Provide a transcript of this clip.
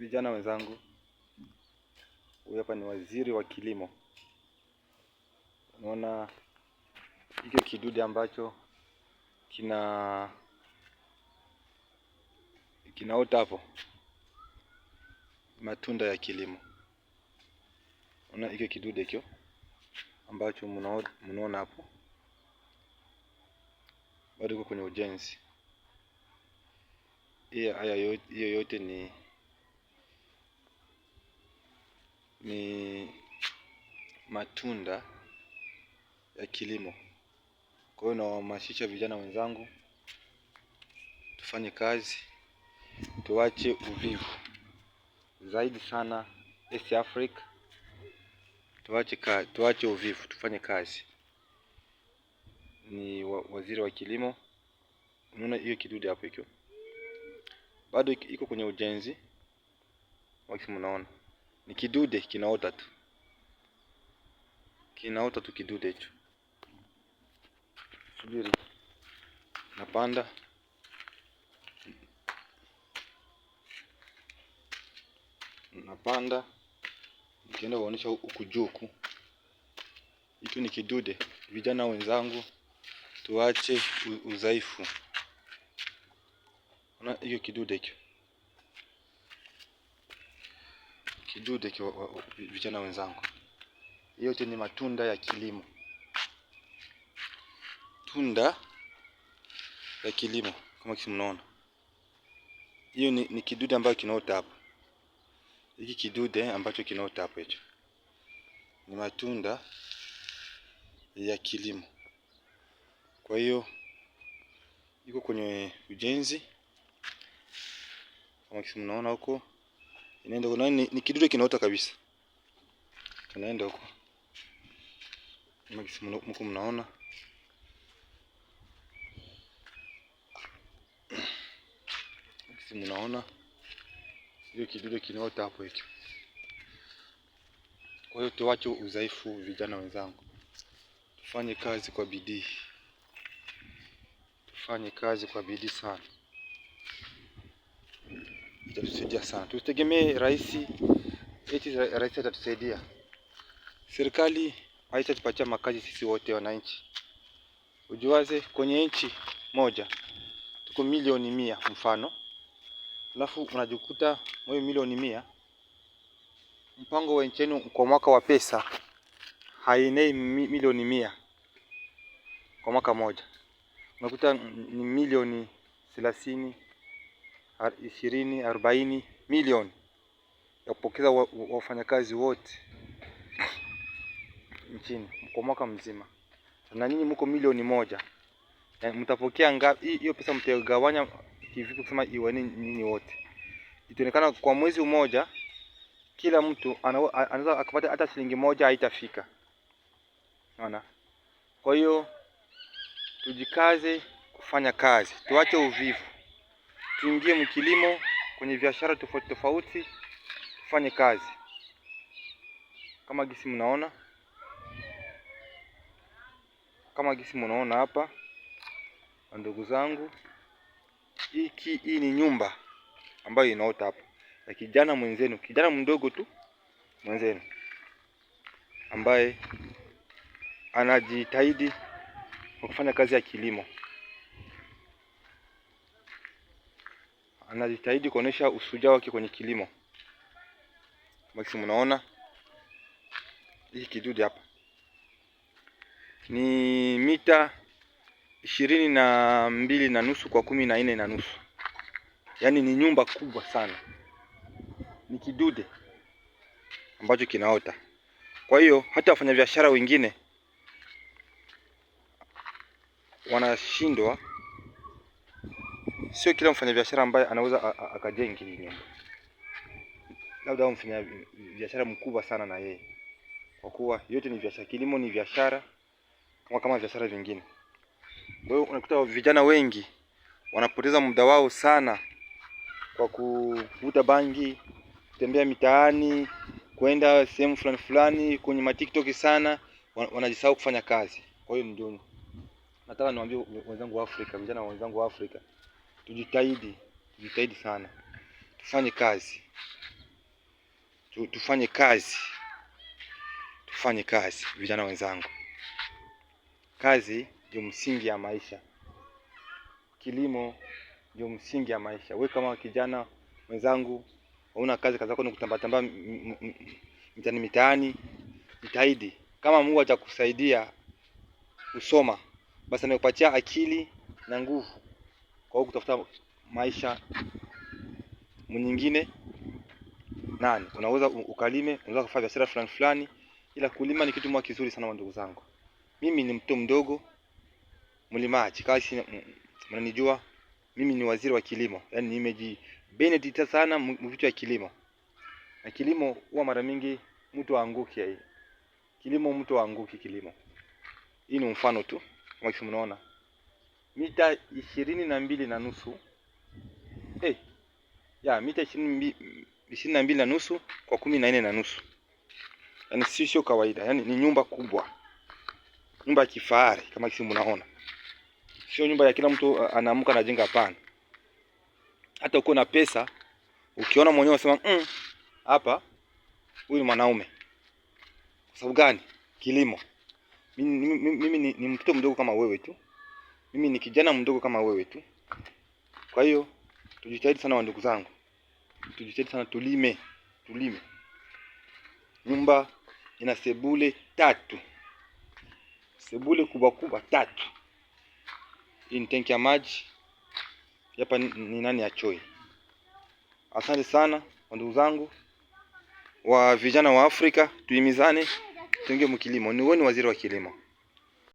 Vijana wenzangu, huyu hapa ni waziri wa kilimo. Unaona hicho kidude ambacho kina kinaota hapo, matunda ya kilimo. Unaona hicho kidude hicho ambacho mnaona hapo, bado iko kwenye ujenzi. Hiyo yote ni ni matunda ya kilimo. Kwa hiyo nawahamasisha vijana wenzangu tufanye kazi, tuache uvivu zaidi sana East Africa, tuache ka, tuache uvivu tufanye kazi. Ni wa, waziri wa kilimo. Unaona hiyo kidude hapo hicho bado iko kwenye ujenzi, wakati mnaona ni kidude kinaota tu, kinaota tu kidude hicho. Subiri, napanda napanda, nikienda kuonyesha huku juu huku. Hicho ni kidude. Vijana wenzangu, tuache udhaifu. Ona hiyo kidude hicho. kijude kwa vijana wenzangu, yote ni matunda ya kilimo, tunda ya kilimo kama kisi mnaona. Hiyo ni, ni kidude ambayo kinaota hapo. Hiki kidude ambacho kinaota hapo hicho ni matunda ya kilimo. Kwa hiyo iko kwenye ujenzi kama kisi mnaona huko. Inaenda huko, ni, ni kidude kinaota kabisa. Kanaenda huko. Mko mnaona? Mkisi mnaona? Hiyo kidude kinaota hapo hicho. Kwa hiyo tuwache udhaifu, vijana wenzangu. Tufanye kazi kwa bidii. Tufanye kazi kwa bidii sana itatusaidia sana. Tusitegemee rais eti rais atatusaidia. Serikali haitatupatia makazi sisi wote wananchi. Ujuaze kwenye nchi moja tuko milioni mia mfano, alafu unajikuta mwe milioni mia, mpango wa nchi yenu kwa mwaka wa pesa hainei milioni mia kwa mwaka moja, unakuta ni milioni thelathini ishirini arobaini milioni ya kupokeza wafanyakazi wote nchini kwa mwaka mzima, na nyinyi mko milioni moja. Mtapokea ngapi hiyo pesa? Mtagawanya kivipi kusema iwe nyinyi wote? Itaonekana kwa mwezi mmoja kila mtu anaweza akapata hata shilingi moja haitafika. Unaona? Kwa hiyo tujikaze kufanya kazi, tuache uvivu tuingie mkilimo, kwenye biashara tofauti tofauti, tufanye kazi kama gisi mnaona, kama gisi mnaona hapa, ndugu zangu, hiki hii ni nyumba ambayo inaota hapa ya kijana mwenzenu, kijana mdogo tu mwenzenu ambaye anajitahidi kwa kufanya kazi ya kilimo. anajitahidi kuonesha ushujaa wake kwenye kilimo. Basi mnaona hii kidude hapa ni mita ishirini na mbili na nusu kwa kumi na nne na nusu yaani ni nyumba kubwa sana, ni kidude ambacho kinaota. Kwa hiyo hata wafanyabiashara wengine wanashindwa sio kila mfanyabiashara ambaye anaweza akajenga hii nyumba, labda au mfanya biashara mkubwa sana na yeye, kwa kuwa yote ni biashara. Kilimo ni biashara kama kama biashara vingine. Kwa hiyo unakuta vijana wengi wanapoteza muda wao sana kwa kuvuta bangi, kutembea mitaani, kwenda sehemu fulani fulani kwenye tiktok sana, wanajisahau kufanya kazi. Kwa hiyo ndio nataka niwaambie wenzangu wa Afrika, vijana wenzangu wa Afrika Tujitahidi, tujitahidi sana, tufanye kazi, tufanye kazi, tufanye kazi. Vijana wenzangu, kazi ndio msingi ya maisha. Kilimo ndio msingi ya maisha. We kama kijana mwenzangu, hauna kazi, kazi yako ni kutambatamba mitaani mitaani, jitahidi. Kama Mungu atakusaidia kusoma basi anakupatia akili na nguvu kwa hiyo kutafuta maisha mwingine nani, unaweza ukalime, unaweza kufanya biashara fulani fulani, ila kulima ni kitu mwa kizuri sana, ndugu zangu. Mimi ni mtu mdogo mlimaji, kazi mnanijua mimi ni waziri wa kilimo, yaani nimeji benefit sana mvitu ya kilimo, na kilimo huwa mara mingi mtu aanguke. Hii yaani. kilimo mtu aanguki, kilimo hii ni mfano tu kama mnaona mita ishirini na mbili na nusu hey, eh, ya mita ishirini na mbili na nusu kwa kumi na nne na nusu yani si sio kawaida, yani ni nyumba kubwa, nyumba ya kifahari kama kisi mnaona, sio nyumba ya kila mtu anaamka anajenga. Hapana, hata uko na pesa, ukiona mwenyewe unasema mm, hapa huyu ni mwanaume. Kwa sababu gani? Kilimo. Mimi, mimi, mimi ni, ni mtoto mdogo kama wewe tu. Mimi ni kijana mdogo kama wewe tu. Kwa hiyo tujitahidi sana, wandugu ndugu zangu, tujitahidi sana, tulime, tulime. Nyumba ina sebule tatu, sebule kubwa kubwa tatu. Hii ni tenki ya maji hapa, ni nani ya choi. Asante sana wa ndugu zangu wa vijana wa Afrika, tuhimizane, tuingie mkilimo. ni waziri wa kilimo.